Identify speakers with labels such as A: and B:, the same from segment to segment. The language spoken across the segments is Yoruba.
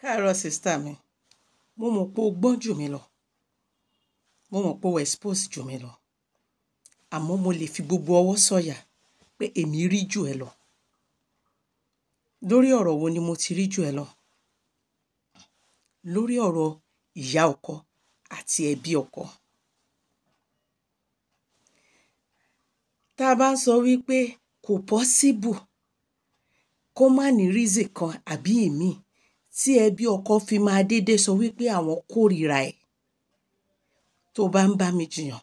A: káàárọ̀ sista mi mo mọ̀ pé o gbọ́n jù mí lọ mo mọ̀ pé o expose jù mí lọ àmọ́ mo lè fi gbogbo ọwọ́ sọ̀yà pé èmi rí jù ẹ lọ lórí ọ̀rọ̀ wo ni mo ti rí jù ẹ lọ lórí ọ̀rọ̀ ìyá ọkọ àti ẹbí ọkọ tá a bá ń sọ wípé kò pọ́síbù kó má ní rízì kan àbí ìmíì tí ẹbí ọkọ fi máa dédé sọ wípé àwọn kórìíra ẹ̀ tó bá ń bá mi jiyàn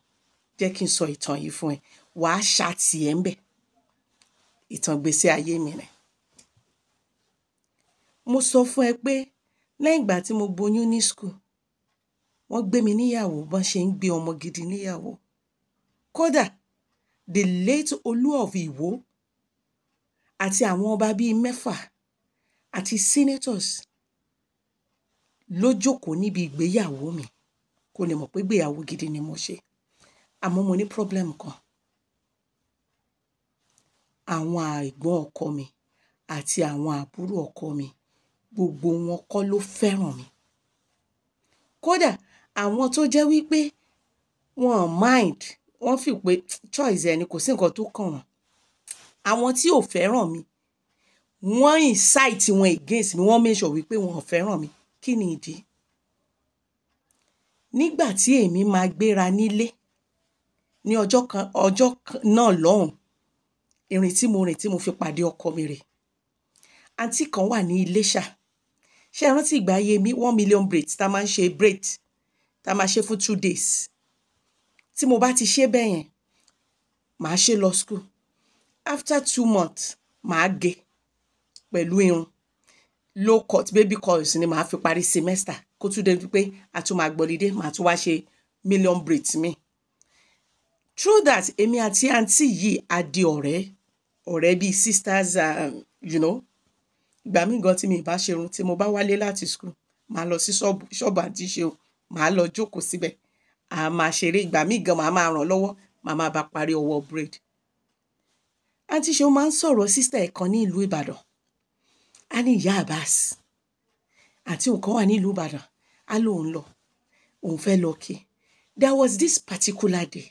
A: jẹ́ kí n sọ ìtàn yìí fún ẹ wàá ṣàtì ẹ̀ ń bẹ̀ ìtàn gbèsè ayé mi rẹ̀ mo sọ fún ẹ pé lẹ́yìn ìgbà tí mo boyún ní skul wọ́n gbé mi níyàwó bọ́n ṣe ń gbé ọmọ gidi níyàwó kódà the late olú of Iwo àti àwọn ọba bíi mẹ́fà àti senators ló jókòó níbi ìgbéyàwó mi kó lè mọ̀ pé ìgbéyàwó gidi ni mo ṣe àmọ́ mo ní problem kan àwọn àìgbọ́n ọkọ mi àti àwọn àbúrò ọkọ mi gbogbo wọn kọ́ ló fẹ́ràn mi kódà àwọn tó jẹ́ wípé wọn mind wọ́n fi pé choice ẹni kò sí nǹkan tó kàn wọ́n àwọn tí ò fẹ́ràn mi wọ́n incite wọn against mi wọ́n make sure wípé wọn ò fẹ́ràn mi kí ni ìdí nígbà tí èmi máa gbéra nílé ní ọjọ́ kan ọjọ́ náà lọ́hùn ìrìn tí mo rìn tí mo fi pàdé ọkọ mi rè àǹtí kan wà ní Iléṣà ṣé ẹ rántí ìgbà ayé mi one million braids tá a máa ń ṣe braid tá a máa ṣe fún two days tí mo bá ti ṣe bẹ́ẹ̀ yẹn màá ṣe lọ school after two months màá gé pẹ̀lú irun low cut baby coils ni màá fi parí semester kó tún débi pé a tún máa gbọ́lidé màá tún wá ṣe million braids mi True that èmi àti àǹtí yìí á di ọ̀rẹ́ ọ̀rẹ́ bíi sisters um, you know ìgbà míì gan tí mi bá ṣerun tí mo bá wálé láti school màá lọ sí ṣọ́ọ̀bù àti ṣeun màá lọ jókòó síbẹ̀ a máa ṣeré ìgbà míì gan màá máa ràn lọ́wọ́ màá máa bá parí ọwọ́ braid àǹtí ṣeun máa ń sọ̀rọ̀ sister ẹ̀ kan ní ìlú Ìbàdàn á ní ìyá Abbas àti òun kan wà nílùú Ìbàdàn á lóun lọ òun fẹ́ lọ kí there was this particular day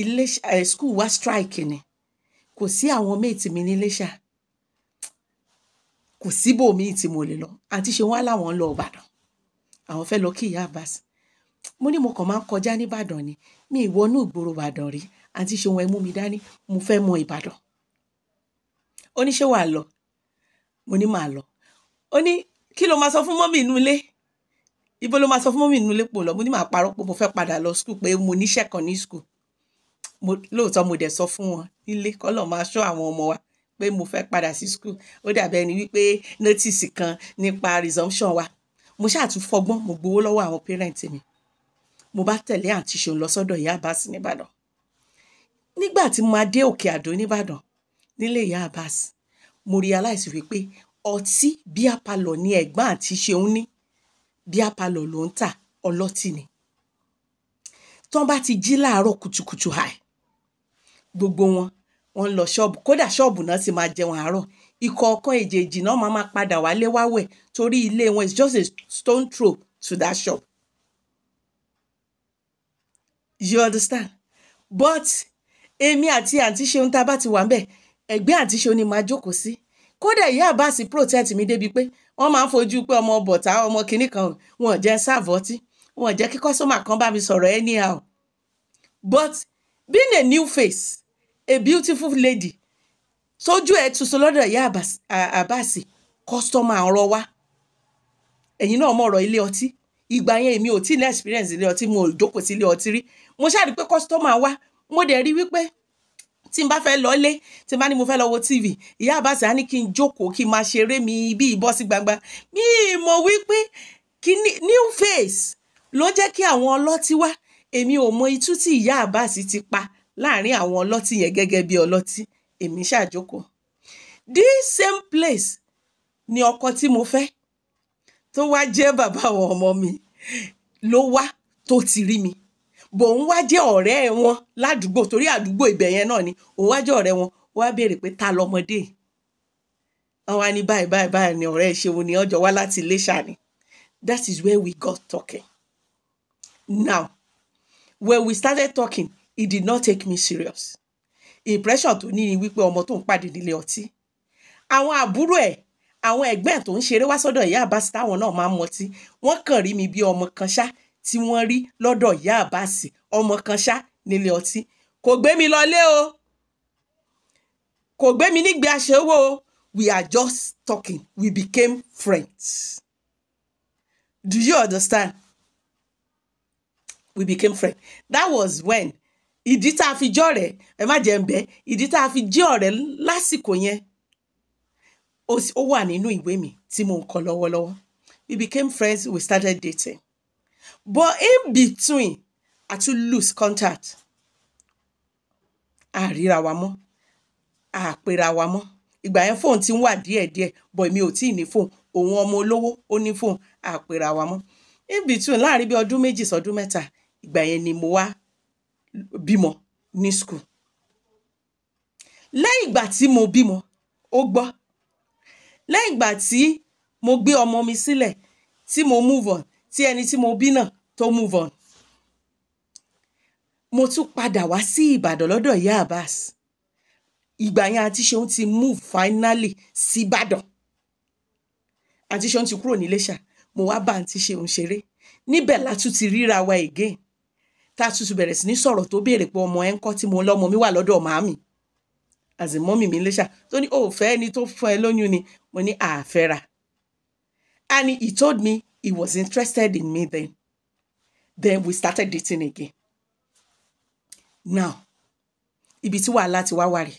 A: ilé uh, eh, school wa strike ni kò sí àwọn méètì mi ní Iléṣà kò síbòmíì tí mo lè lọ àti ṣe wọn láwọn ń lọ Ìbàdàn àwọn fẹ́ lọ kí ìyá Abbas mo ní mo kàn máa ń kọjá nìbàdàn ni mi ìwọnú ìgboro ìbàdàn rí àti ṣe wọn ẹ mú mi dání mo fẹ́ mọ ìbàdàn oníṣẹ́ wàá lọ mo ní màá lọ ó ní kí ló máa sọ fún mọ́mì inú ilé ibo ló máa sọ fún mọ́mì inú ilé pò lọ mo ní màá parọ́ pé mo fẹ́ padà lọ skul pé mo níṣẹ́ kan ní skul lóòótọ́ mo dẹ̀ sọ fún wọn nílé kọ́lọ̀ máa ṣọ́ àwọn ọmọ wa pé mo fẹ́ padà sí skul ó dàbẹ́ ni wípé nọ́tìsì kan nípa resumption wa mo ṣáà tún fọgbọ́n mo gbowó lọ́wọ́ àwọn parent mi mo bá tẹ̀lé àǹtí ṣòun lọ sọ́dọ̀ ìyá Abbas nìbàdàn nígbà tí mo máa dé òkè àdó nìbàdàn nílé ìyá Abbas mo realize wípé ọtí bíá palọ̀ ni ẹ̀gbọ́n àti ṣeun ní bíá palọ̀ ló ń tà ọlọ́tì ni tán bá ti jí láàárọ̀ kùtùkùtù àì gbogbo wọn wọn lọ ṣọ́ọ̀bù kódà ṣọ́ọ̀bù náà sì máa jẹun àárọ̀ ikọ̀ ọ̀kan èjèèjì náà máa máa padà wálé wáwẹ̀ torí ilé wọn is just a stone throw to that shop you understand but èmi àti àǹtí ṣeun tá a bá ti wà ń bẹ̀ ẹ̀gbẹ́ àti ṣo ni màá jókòó sí kódà ìyá àbáàsì protect mi débi pé wọ́n máa ń fojú pé ọmọ bọ̀tá ọmọ kinní kan wọn jẹ́ sáàvọ́tì wọn jẹ́ kí kọ́sọ́mà kan bá mi sọ̀rọ̀ anyhow but being a new face a beautiful lady sójú ẹ̀ tuntun lọ́dọ̀ ìyá àbáàsì kọ́sọ́mà ọ̀rọ̀ wa ẹ̀yin náà mọ̀ ọ̀rọ̀ ilé ọtí ìgbà yẹn èmi ò tí ní experience ilé ọtí mo ò jókòó sí ilé ọtí rí mo ṣáà rí pé kọ́sọ́mà wa mo dẹ̀ rí wípé tí n bá fẹ́ lọlé tí n bá ní mo fẹ́ lọ wo tv ìyá àbáṣe á ní kí n jókòó kí n máa ṣeré mi bí ìbọ́ sí gbangba mi mọ̀ wípé kíní new face ló jẹ́ kí àwọn ọlọ́tí wá èmi ò mọ itú tí ìyá àbáṣe ti pa láàrin àwọn ọlọ́tí yẹn gẹ́gẹ́ bí ọlọ́tí èmi ṣàjókòó this same place ni ọkọ tí mo fẹ́ tó wá jẹ́ bàbá àwọn ọmọ mi ló wá tó ti rí mi bò wá jẹ́ ọ̀rẹ́ wọn ládùúgbò torí àdúgbò ibẹ̀ yẹn náà ni òun wá jẹ́ ọ̀rẹ́ wọn wá béèrè pé ta lọmọdé wọn wá ní báyìí báyìí báyìí ni ọ̀rẹ́ ìṣèwò ni ọjọ́ wá láti Iléṣà ni that is where we got talking now when we started talking he did not take me serious impression tó ní ni wípé ọmọ tó ń pàdé nílé ọtí àwọn àbúrò ẹ̀ àwọn ẹ̀gbẹ́ tó ń ṣeré wá sọ́dọ̀ ìyá àbáṣe táwọn náà máa ń mọtí wọ́n kàn rí mi bí ọmọ kan ṣá tí wọ́n rí lọ́dọ̀ ìyá àbáàsì ọmọ kan ṣá nílé ọtí kò gbé mi lọlé o kò gbé mi nígbé aṣẹ́wó o we are just talking we became friends do you understand we became friends that was when ìdí tá a fi jẹ́ ọ̀rẹ́ ẹ má jẹ́ ń bẹ́ ìdí tá a fi jẹ́ ọ̀rẹ́ lásìkò yẹn ó wà nínú ìwé mi tí mo ń kọ lọ́wọ́lọ́wọ́ we became friends we started dating but in between I tún lose contact àríra wa mọ́ àpera wa mọ́ ìgbà yẹn fóun ti ń wà díẹ̀díẹ̀ but èmi ò tí ì ní fóun òun ọmọ olówó ó ní fóun àpera wa mọ́ in between láàrin bí ọdún méjì sọdún mẹ́ta ìgbà yẹn ni mo wá bímọ ní school lẹ́yìn ìgbà tí mo bímọ ó gbọ́ lẹ́yìn ìgbà tí mo gbé ọmọ mi sílẹ̀ tí mo move on tí ẹni tí mo bí náà tó move on mo tún padà wá sí ìbàdàn lọ́dọ̀ ìyá abbas ìgbà yẹn àti ṣeun ti move finally sí ìbàdàn àti ṣeun ti kúrò níléṣà mo wá bá àǹtí ṣeun ṣeré níbẹ̀ látún ti ríra wa again tá a tún ti bẹ̀rẹ̀ sí ní sọ̀rọ̀ tó béèrè pé ọmọ ẹ̀ ń kọ́ tí mo lọ́mọ mi wà lọ́dọ̀ màámi àti mọ́mì mi léṣà tó ní òòfẹ́ ẹni tó fún ẹ lóyún ni mo ní àfẹ́ra and he told me He was interested in me then. Then we started dating again. Now, ibi tí wàhálà ti wá wà rè.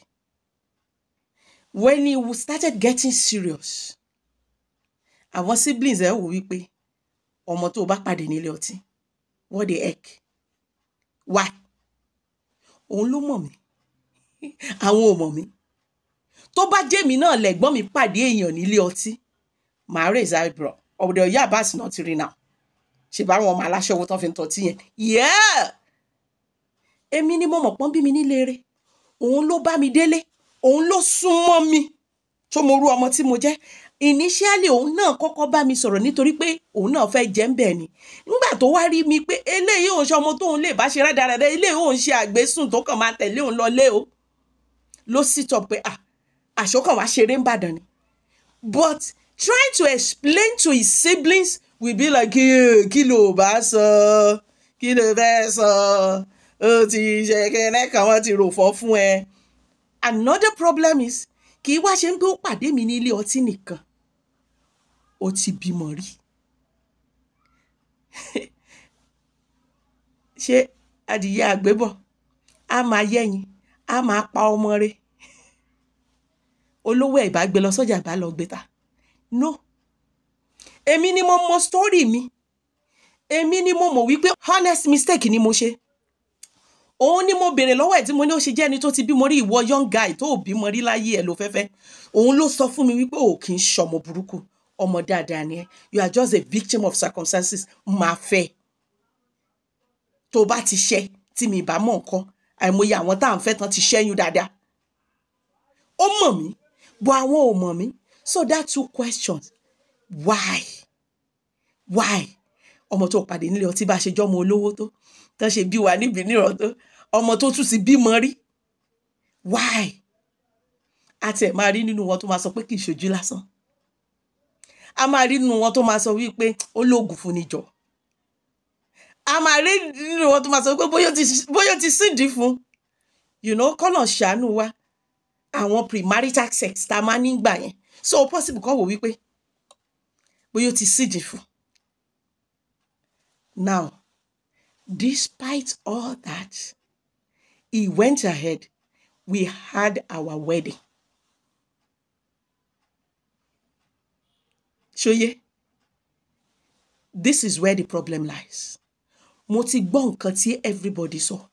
A: When he started getting serious, our siblings eh will be, ọmọ tó o bá pàdé nílé what the heck why òun mommy, mọ̀ mí mommy, toba mọ̀ mí tó bá jẹ́mi náà lẹ́gbọ́n mi pàdé raise eyebrow ọ̀dọ̀ ìyá àbáàsì náà ti rí náà ṣe bá wọn ọmọ aláṣẹ owó tán fi ń tọ́ tí yẹn yẹ́ẹ̀ èmi ni mo mọ̀ pọ́n bí mi nílé rẹ̀ òun ló bá mi délé òun ló sún mọ́ mi tó mo rú ọmọ tí mo jẹ́ ìníṣẹ́lẹ̀ òun náà kọ́kọ́ bá mi sọ̀rọ̀ nítorí pé òun náà fẹ́ jẹ́ ń bẹ̀ ni nígbà tó wá rí mi pé eléyìí òun ṣe ọmọ tóun lè bá ṣe rádaràdà eléyìí òun ṣe àgbésùn tó kàn máa tẹ̀lé òun lọ lé o ló sì tọ̀ pé ah, àṣọkàn wá ṣeré ń bàdàn ni but trying to explain to his siblings will be like kí ló bá sọ kí ló fẹ́ sọ ó ti ṣe kẹ́lẹ́ kan wọ́n ti rò fọ́ fún ẹ. another problem is kì í wá ṣe ń pé ó pàdé mi ní ilé ọtí nìkan ó ti bímọ rí. ṣé adìyẹ àgbébọ̀ a máa yẹ̀yìn a máa pa ọmọ rẹ̀ olówó ẹ̀ bá gbé lọ sọ́jà bá lọ gbé ta no èmi ni mo mọ story mi èmi ni mo mọ̀ wípé honest mistake ni mo ṣe òun ni mo béèrè lọ́wọ́ ẹ̀ tí mo ní ó ṣe jẹ́ ẹni tó ti bímọ rí ìwọ young guy tó ò bímọ rí láyé ẹ̀ ló fẹ́fẹ́ òun ló sọ fún mi wípé ò kì í ṣọmọ burúkú ọmọ dáadáa ni ẹ you are just a victim of circumstances máa fẹ́ tó bá ti ṣẹ tí mi bá mọ̀ nǹkan àìmọye àwọn tá à ń fẹ́ tán ti ṣẹ́yún dáadáa ó mọ̀ mí bọ́ àwọn ò mọ̀ mí so that two questions why why ọmọ tó pàdé nílé ọtí bá ṣe jọmọ olówó tó tán ṣe bí wà níbi nírọ tó ọmọ tó tún ti bímọ rí why àti ẹ̀ máa rí nínú wọn tó máa sọ pé kì í ṣojú lásán a máa rí nínú wọn tó máa sọ wípé ó lóògùn fún ni jọ a máa rí nínú wọn tó máa sọ wípé bóyá ti sídìí fún you know kọ́nà ṣàánú wa àwọn premarital sex tá a máa ní gbà yẹn so possible kan wò wípé bóyá ó ti síjì fún now despite all that he went ahead we had our wedding ṣóyé this is where the problem lies mo ti gbọ́ nǹkan tí everybody sọ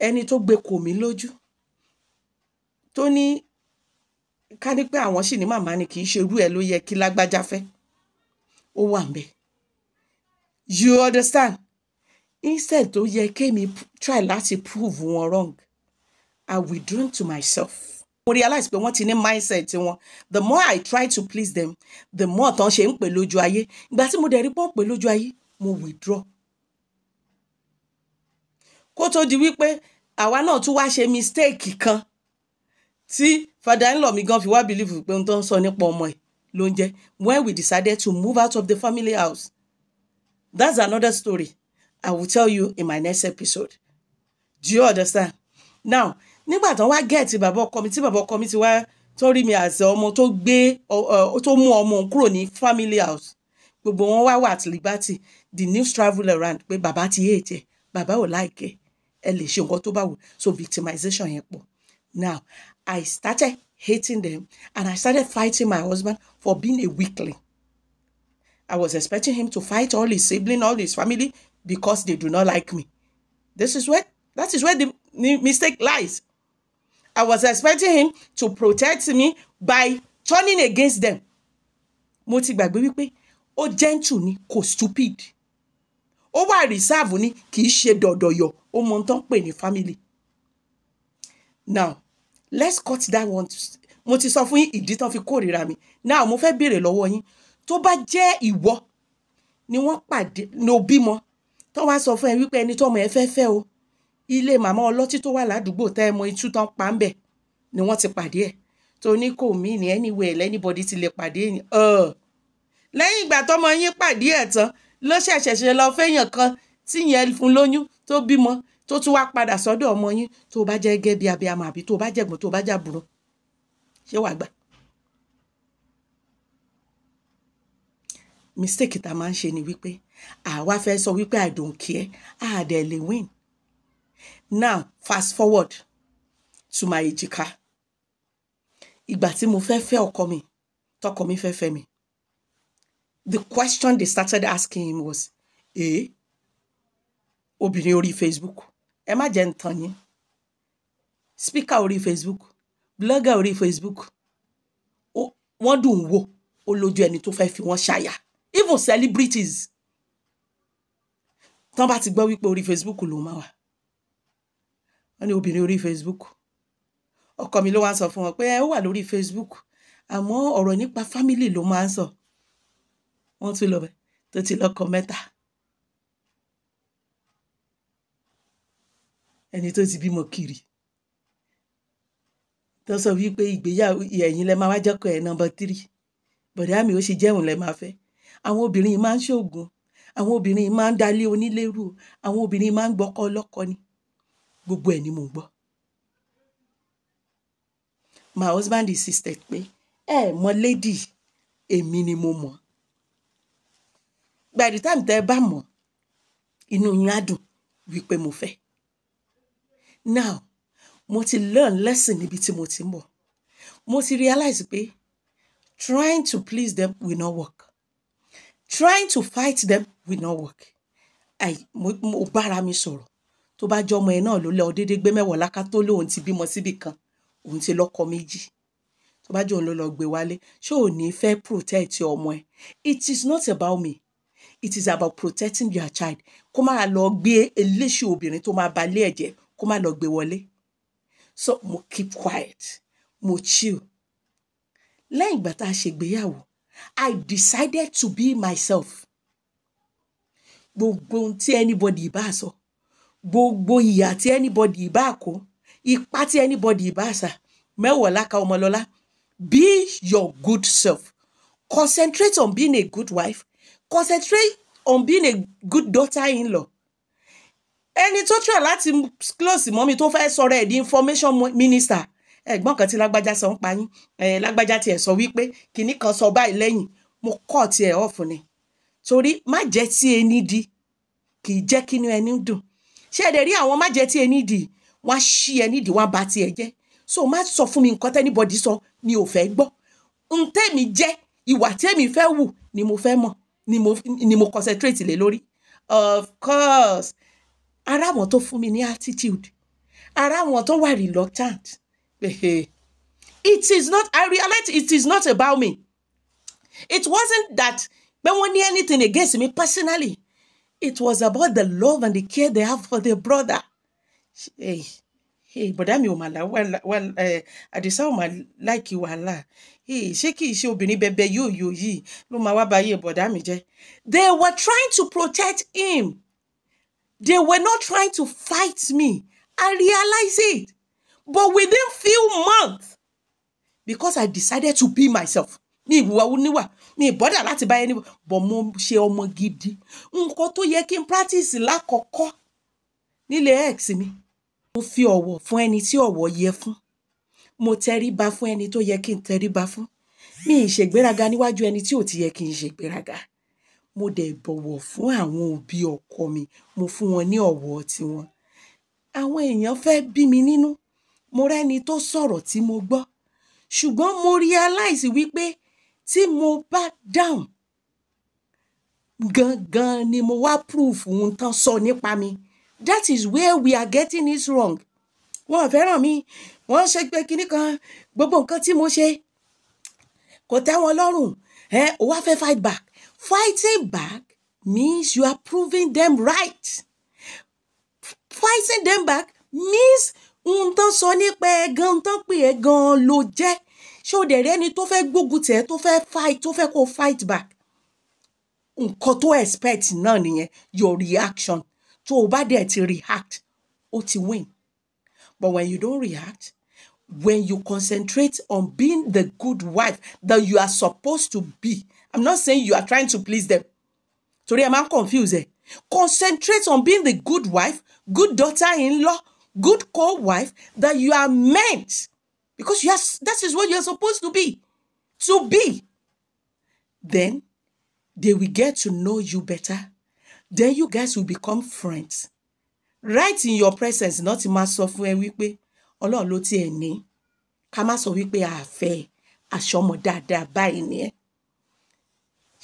A: ẹni tó gbé kò mí lójú tó ní ká ní pé àwọn sì ní màmá ni kì í ṣe irú ẹ ló yẹ kí lágbájá fẹ́ ó wà ń bẹ you understand instead tó yẹ kémi try láti prove wọn wrong i withdraw to myself mo realize pé wọ́n ti ní mindset wọn the more i try to please them the more tán ṣe ń pè lójú ayé ìgbà tí mo dẹ̀ rí pọ́ǹpẹ́ lójú ayé mo withdraw kó tó di wípé àwa náà tún wá ṣe mistake kan tí father in law mi gan fi wá bìlífù pé ohun tó ń sọ nípa ọmọ ẹ̀ ló ń jẹ́ when we decided to move out of the family house that's another story i will tell you in my next episode do you understand now nígbà tán wá get. bàbá ọkọ mi tí bàbá ọkọ mi ti wá tó rí mi àṣẹ ọmọ tó gbé tó mú ọmọ òun kúrò ní family house gbogbo wọn wá wà at liberty the news travel around pé bàbá ti yé ètè bàbá ò láìkẹ́ ẹ lè ṣe nǹkan tó bá wù so victimization yẹn pọ̀ now I started hating them and I started fighting my husband for being a weakling. I was expecting him to fight all his siblings, all his family because they do not like me. This is where that is where the mistake lies. I was expecting him to protect me by turning against them. Mo ti gbàgbé wípé gentle ni ko stupid. Ó wà reserve ni kì í ṣe dọ̀dọ̀yọ̀ ó mọ ohun tó family. Now let's cut that one mo ti sọ fún yín ìdí tán fi kórìíra mi now mo fẹ́ béèrè lọ́wọ́ yín tó bá jẹ́ ìwọ ni wọ́n pàdé ní òbímọ tó wá sọ fún ẹ wípé ẹni tọ́mọ ẹ fẹ́ fẹ́ o ilé màmá ọlọ́tí tó wà ládùúgbò tẹ́ ẹ mọ itú tán pa ń bẹ̀ ni wọ́n ti pàdé ẹ̀ tó ní kò mí ní anywhere anybody ti lè pàdé ẹ̀ lẹ́yìn ìgbà tọ́mọ yín pàdé ẹ̀ tán ló ṣẹ̀ṣẹ̀ ṣe lọ fẹ́yàn kan tíyẹn fún lóyún tó bímọ tó tún wá padà sọ́dọ̀ ọmọ yín tó bá jẹ́ gẹ́gẹ́ bí abiyamọ àbí tó bá jẹ̀gbọ́n tó bá jàbúrò ṣé wàá gbà. mistake tá máa ń ṣe ni wípé àwa fẹ́ sọ wípé i don't care a dẹ̀ lè win now fast forward to my èjìká ìgbà tí mo fẹ́ fẹ́ ọkọ mi tọkọ mi fẹ́ fẹ́ mi the question they started asking him was eh obìnrin orí Facebook ẹ má jẹ́ ń yín speaker orí Facebook blogger orí Facebook wọ́n dùn wò ó lójú ẹni tó fẹ́ fi wọ́n ṣàyà even celebrities tán bá ti gbọ́ wípé orí Facebook ló máa wà wọ́n ní obìnrin orí Facebook ọkọ mi ló wá ń sọ fún wọn pé ó wà lórí Facebook àmọ́ ọ̀rọ̀ nípa family ló máa ń sọ wọ́n tún lọ bẹ̀ tó ti lọ́kọ mẹ́ta ẹni tó ti bímọ kiri tó sọ wípé ìgbéyàwó ẹ̀yin lẹ máa wá jọ́kọ̀ ẹ̀ nọmba tírì bọ̀dá mi ó ṣe jẹ́hùn lẹ máa fẹ́ àwọn obìnrin yìí máa ń ṣoògùn àwọn obìnrin yìí máa ń dalé onílérú àwọn obìnrin máa ń gbọ́kọ ọlọ́kọ ni gbogbo ẹ̀ ni mò ń gbọ́. my husband insisted pé ẹ mọ lady èmi ni mo mọ̀ by the time tẹ́ ẹ bá mọ̀ inú yín á dùn wípé mo fẹ́. Now, mo ti learn lesson níbi tí mo ti ń bọ̀. Mo ti realize pé trying to please them will not work. Trying to fight them will not work. Àì, mo, mo bára mi sọ̀rọ̀. Tó bá jẹ́ ọmọ ẹ náà ló lọ dédé gbé mẹ́wàá láká tó lóun ti bímọ síbi kan, òun ti lọ́kọ méjì tó bá jẹ́ òun ló lọ gbé wálé ṣé ò ní fẹ́ protect ọmọ ẹ it is not about me it is about protecting your child kó má lọ gbé eléṣù obìnrin tó máa ba ilé kó má lọ gbé wọlé so mo keep quiet mo chill lẹ́yìn ìgbà tá a ṣègbéyàwó I decided to be myself gbogbo ohun tí anybody bá sọ gbogbo ìyà tí anybody bá kó ipá tí anybody bá sà mẹ́wọ̀ọ́lá ka ọmọlọ́lá be your good self concentrate on being a good wife concentrate on being a good daughter-in-law ẹni tó try láti close mọ́ mi tó fẹ́ sọ̀rọ̀ ẹ̀ di information minister ẹ̀gbọ́n kan tí lágbájá sọ ń pa yín lágbájá tiẹ̀ sọ wípé kinní kan sọ báyìí lẹ́yìn mo kọ́ tiẹ̀ ọ̀fù ni torí má jẹ́ tí ẹni di kì í jẹ́ kínú ẹni dùn ṣé ẹ̀dẹ̀ rí àwọn má jẹ́ tí ẹni di wọ́n á ṣí ẹni di wọ́n á ba tiẹ̀ jẹ́ so má sọ fún mi nǹkan tẹ́nibọ́dì sọ mi ò fẹ́ gbọ́ n tẹ́mi jẹ́ ìwà tẹ́mi fẹ́ wù ni mo fẹ́ mọ̀ ni mo concentrate lé lórí of course ara àwọn tó fún mi ní attitude ara àwọn tó wà reluctant it is not i realize it is not about me it wasn't that pé wọ́n ní anything against me personally it was about the love and the care they have for their brother. Hey, hey, bọ̀dá mi ò mà lá eh, àdìsá ò mà láìkí wàhálà ṣé kìí ṣe obìnrin bẹbẹ yóò yóò yìí ló máa wá báyé bọ̀dá mi jẹ́. They were trying to protect him. They were not trying to fight me. I realized it. But within few months, because I decided to be myself, mi ìwà oníwà mi ìbọ́dà láti bá ẹni bọ̀ mo ṣe ọmọ gidi nǹkan tó yẹ kí n practice lákọ̀ọ́kọ́ nílé ex mi mo fi ọ̀wọ̀ fún ẹni tí ọ̀wọ̀ yẹ fún mo tẹríba fún ẹni tó yẹ kí n tẹríba fún mi ìṣègbéraga níwájú ẹni tí ò ti yẹ kí n ṣègbéraga mo dẹ̀ bọ̀wọ̀ fún àwọn òbí ọkọ mi mo fún wọn ní ọ̀wọ̀ tiwọn àwọn èèyàn fẹ́ bí mi nínú mo rẹ́ni tó sọ̀rọ̀ tí mo gbọ́ ṣùgbọ́n mo realize wípé tí mo bá dáhùn gangan ni mo wá proof ohun tán sọ nípa mi that is where we are getting it wrong wọn ò fẹ́ràn mi wọ́n ṣe pé kinní kan gbogbo nǹkan tí mo ṣe kò tẹ́ wọn lọ́rùn ẹ ò wá fẹ́ fight back Fighting back means you are proving them right. Fighting them back means ohun tán sọ nípa ẹ gan tán pè ẹ gan ló jẹ́ ṣé o dẹ̀ rẹ́ni tó fẹ́ gbógun tẹ̀ tó fẹ́ fight tó fẹ́ kó fight back nǹkan tó expect náà nìyẹn your reaction tó o bá dẹ̀ ti react o ti win but when you don't react when you concentrate on being the good wife that you are supposed to be I'm not saying you are trying to please them. Torí ẹ máa ń confuse Concentrate on being the good wife, good daughter-in-law, good co-wife that you are meant. Because you are, that is what you are supposed to be. To be. Then they will get to know you better. Then you guys will become friends. Right in your presence, not in máa sọ fún ẹ wípé Ọlọ́run ló tiẹ̀ ní. Ká má sọ wípé àfẹ́ àṣọmọ dáadáa báyìí ni ẹ́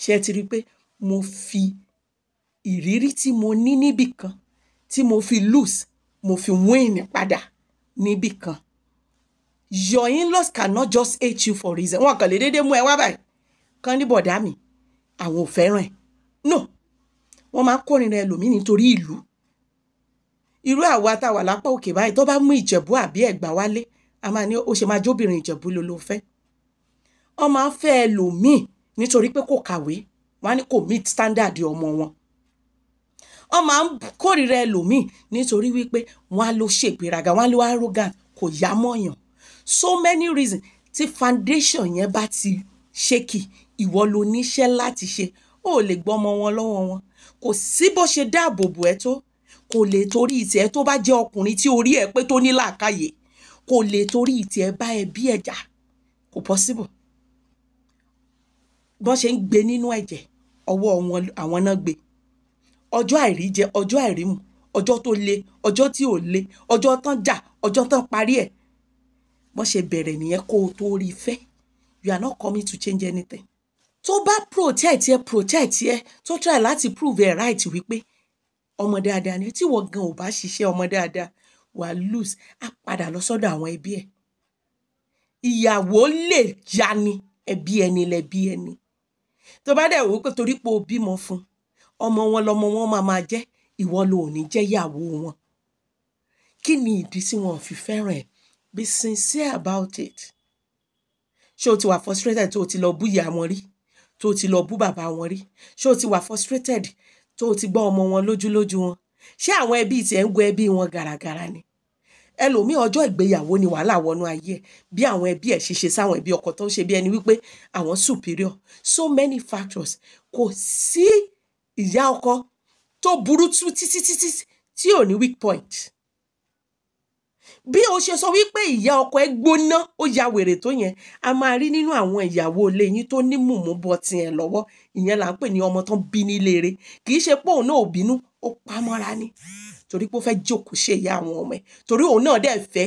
A: ṣé ti rí i pé mo fi ìrírí tí mo ní níbì kan tí mo fi lose mo fi win padà níbì kan your in-laws cannot just hate you for reason wọn kàn lè déédéé mú ẹ wá báyìí kàn ní bọ̀dá mi àwọn ò fẹ́ràn ẹ̀ no wọ́n máa ń kórìíra ẹlòmíì nítorí ìlú irú àwa tá a wà lápá òkè báyìí tó bá mú ìjẹ̀bú àbí ẹ̀gbá wálé a máa ní ó ṣe máa jóbìnrin ìjẹ̀bú ló ló fẹ́ ọ máa ẹlòmíì nítorí pé kò kàwé wọn ní kò meet standard ọmọ wọn wọn máa ń kórìíra ẹlòmíì nítorí wípé wọn á lo ṣègbéraga wọn lo arrogant kò yá mọ̀yàn so many reasons tí foundation yẹn bá ti ṣékì ìwọ lo níṣẹ́ láti ṣe ó lè gbọ́mọ wọn lọ́wọ́ wọn kò sí bó ṣe dáàbò bò ẹ́ tó kò lè torí ìtẹ́ tó bá jẹ́ ọkùnrin tí orí ẹ̀ pé tó ní làákàyè kò lè torí ìtẹ́ bá ẹ bí kò possible bọ́n ṣe ń gbé nínú ẹ̀jẹ̀ ọwọ́ àwọn náà gbé ọjọ́ àìrí jẹ ọjọ́ àìrí mu ọjọ́ tó le ọjọ́ tí ò le ọjọ́ tán jà ọjọ́ tán parí ẹ̀ bọ́n ṣe bẹ̀rẹ̀ nìyẹn kó o tó rí fẹ́ you are not coming to change anything tó bá protect ẹ protect ẹ tó try láti prove ẹ right wípé ọmọ dáadáa ni tí wọ́n gan ò bá ṣiṣẹ́ ọmọ dáadáa wà lose á padà lọ sọ́dọ̀ àwọn ẹbí ẹ̀ ìyàwó lè yani ẹbí ẹni lẹbí ẹni tó bá dẹ̀ wò pé torí pé o bímọ fún ọmọ wọn lọmọ wọn máa máa jẹ́ ìwọ ló ò ní jẹ́ ìyàwó wọn kí ni ìdí tí wọn ò fi fẹ́ràn ẹ̀ be sincere about it ṣé o ti wà frustrated tó o ti lọ bú ìyá wọn rí tó o ti lọ bú bàbá wọn rí ṣé o ti wà frustrated tó o ti gbọ́ ọmọ wọn lójúlójú wọn ṣé àwọn ẹbí tiẹ̀ ń gọ ẹbí wọn gàràgàrà ni ẹlòmíì ọjọ́ ìgbéyàwó ni wàhálà wọnú ayé ẹ̀ bí àwọn ẹbí ẹ̀ ṣe ṣe sáwọn ẹbí ọkọ tó ń ṣe bí ẹni wípé àwọn superior so many factors kò sí ìyá ọkọ tó burú tú títí títí tí ò ní weak point bí o ṣe sọ wípé ìyá ọkọ ẹ gbóná ó ya wèrè tó yẹn a máa rí nínú àwọn ìyàwó ilé yín tó ní mùmú bọ tiẹ̀ lọ́wọ́ ìyẹn là ń pè ní ọmọ tán bí nílé rẹ̀ kì í ṣe pé òun náà ò bínú ó pamọ́ra ni. Mm -hmm torí pé ó fẹ́ jókòó ṣe ìyá àwọn ọmọ ẹ̀ torí òun náà dẹ̀ fẹ́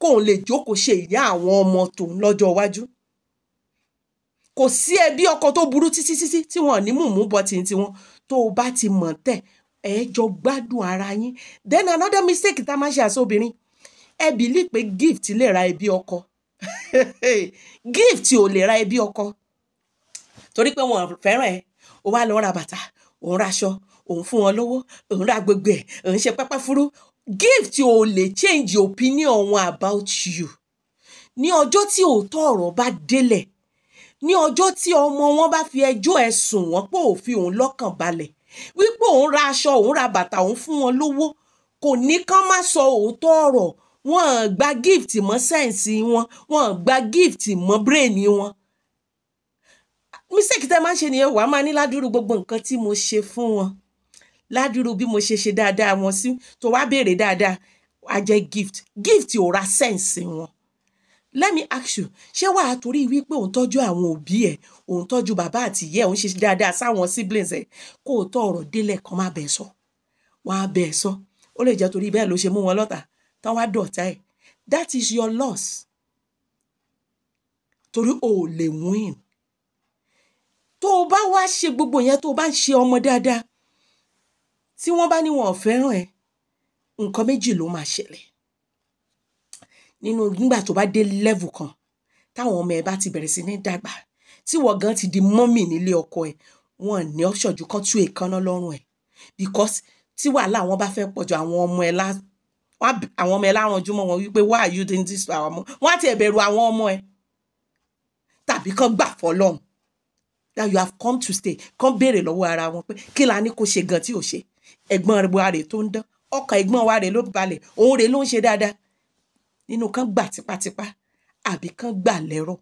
A: kóun lè jókòó ṣe ìyá àwọn ọmọ tòun lọ́jọ́ iwájú kò sí ẹbí ọkọ tó burú títí títí tí wọn ní mùmú bọtì tiwọn tó o bá ti mọ̀ tẹ̀ ẹ jọ gbádùn ara yín then another mistake tá a máa ṣe àsobìnrin ẹ bìlí pé gift lè ra ẹbí ọkọ gift ò lè ra ẹbí ọkọ torí pé wọn fẹ́ràn ẹ o wá lọ ra bàtà òun raṣọ òun fún wọn lówó òun ra gbogbo ẹ̀ òun ṣe pápá fúrú gift ò lè change opinion wọn about you ní ọjọ́ tí òótọ́ ọ̀rọ̀ bá délẹ̀ ní ọjọ́ tí ọmọ wọn bá fi ẹjọ́ ẹ̀ sùn wọ́n pé òfin òun lọ́kàn balẹ̀ wípé òun ra aṣọ òun ra bàtà òun fún wọn lówó kò ní kán má sọ òótọ́ ọ̀rọ̀ wọn gba gift mọ́ sẹ́ǹsì wọn wọn gba gift mọ́ bírèèni wọn mistake tẹ́ máa ń ṣe nìyẹn wàá máa ní ládùúrú gbogbo nǹkan tí mo ṣe fún wọn ládùúrú bí mo ṣe ṣe dáadáa wọn sí tó wá béèrè dáadáa a jẹ́ gift gift ò ra sẹ́ǹsì wọn let me ask you ṣé wàá torí wípé òun tọ́jú àwọn òbí ẹ̀ òun tọ́jú bàbá àti ìyá ẹ̀ òun ṣe dáadáa sáwọn siblings ẹ̀ kó o tọ́ ọ̀rọ̀ délẹ̀ kan má bẹ̀ sọ wọn á bẹ̀ sọ ó lè jẹ́ torí bẹ́ẹ̀ ló ṣe mú wọn lọ́tà tán wá dọ̀tá ẹ̀ that is your loss torí o ò lè win tó o bá wá ṣe gbogbo yẹn tó o bá ń ṣe ọmọ dáadáa tí wọ́n bá ní wọn ò fẹ́ràn ẹ nǹkan méjì ló máa ṣẹlẹ̀ nínú nígbà tó bá dé lẹ́vù kan táwọn ọmọ ẹ bá ti bẹ̀rẹ̀ sí ní dàgbà tí wọ́n gan ti di mọ́mì nílé ọkọ ẹ wọn ní option ju kan tú èékánná lọ́rùn ẹ because tí wàhálà wọn bá fẹ́ pọ̀jù àwọn ọmọ ẹ lá àwọn ọmọ ẹ láranjú mọ́ wọn wípé why are you doing this to our mom wọ́n á ti ẹ̀bẹ̀rù àwọn ọmọ ẹ tàbí kán gbà fọlọ́run that you have come to stay kán béèrè lọ́wọ́ ara wọn pé kí la ní kó ṣe gan tí ò ṣe ẹ̀gbọ́n wa rè tó ń dán ọkàn ẹ̀gbọ́n wa rè ló balẹ̀ òun rè ló ń ṣe dáadáa nínú kan gbà tipátipá àbí kan gbà lẹ́rọ̀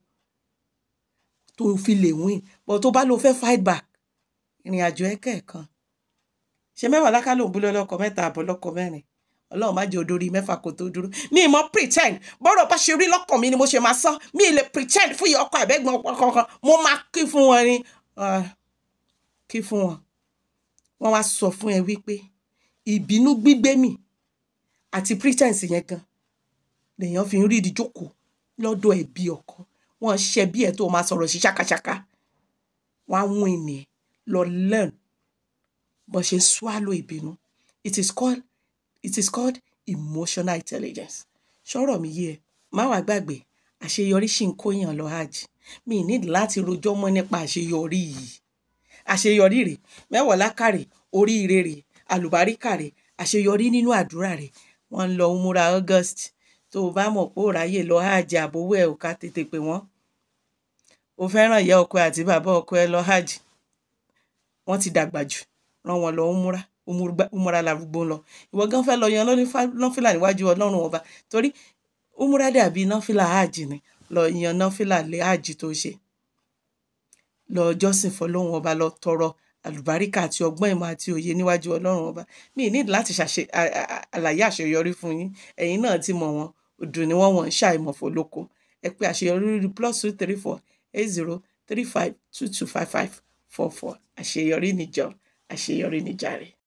A: tó fi lè win bọ̀ tó bá lo fẹ́ fight back ìrìn àjò ẹ kẹ̀ẹ̀kan ṣe mẹ́wàá láká ló ń bú lọ́lọ́kọ̀ mẹ́ta àbọ̀ lọ́kọ̀ mẹ́rin ọlọ́run má jẹ́ odori mẹ́fà kó tó dúró mi ì mọ pretend bọ́rọ̀ bá ṣe rí lọ́kàn mi ni mo ṣe máa sọ mi ì lè pretend fún ìyá ọkọ àbẹ́gbọ̀n kankan mo máa kí fún wọn ni ah, kí fún wọn wọ́n wá sọ fún ẹ wípé ìbínú gbígbé mì àti pretense yẹn gan lèèyàn fi ń rí ìdíjókòó lọ́dọ̀ ẹbí ọkọ wọ́n ṣe bí ẹ̀ tó máa sọ̀rọ̀ sí ṣàkàṣàkà wọ́n á wún ènìyàn lọ learn bó ṣe swallow ìbínú it is called it is called emotional intelligence ṣọ́rọ̀ mi yé ẹ má wàá gbàgbé àṣeyọrí ṣì ń kóyàn lọ hajj mi ní láti rojọ́ mọ́ nípa àṣeyọrí yìí àṣeyọrí rẹ̀ mẹ́wọ̀ọ́lá kàrè oríire rẹ̀ àlùbáríkà rẹ̀ àṣeyọrí nínú àdúrà rẹ̀ wọ́n ń lọ múra august tó o bá mọ̀ pé ò ráyè lọ hajj àbówó ẹ̀ ò ká tètè pè wọ́n o fẹ́ràn ìyá ọkọ àti bàbá ọkọ ẹ lọ hajj wọ́n ti dàgbà jù rán wọn lọ múra umura làrúgbó lọ ìwọ gan fẹ́ lọ yan nọfìlà níwájú Ọlọ́run ọba torí umura dàbí nọfìlà hajj ni lọ yan nọfìlà lè hajj tó ṣe lọ jọ́sìn fọlọ́run ọba lọ tọrọ àlùbáríkà àti ọgbọ́n ìmọ̀ àti òye níwájú ọlọ́run ọba mi ní láti ṣàṣe àlàyé àṣeyọrí fún yín ẹ̀yin náà ti mọ̀ wọn òdùn ni wọ́n wọ̀n ń ṣàìmọ̀fọ́ lóko ẹ pé àṣeyọrí rí plus two three four eight zero three five two two five five four four àṣeyọrí níjọ àṣeyọrí níjàre.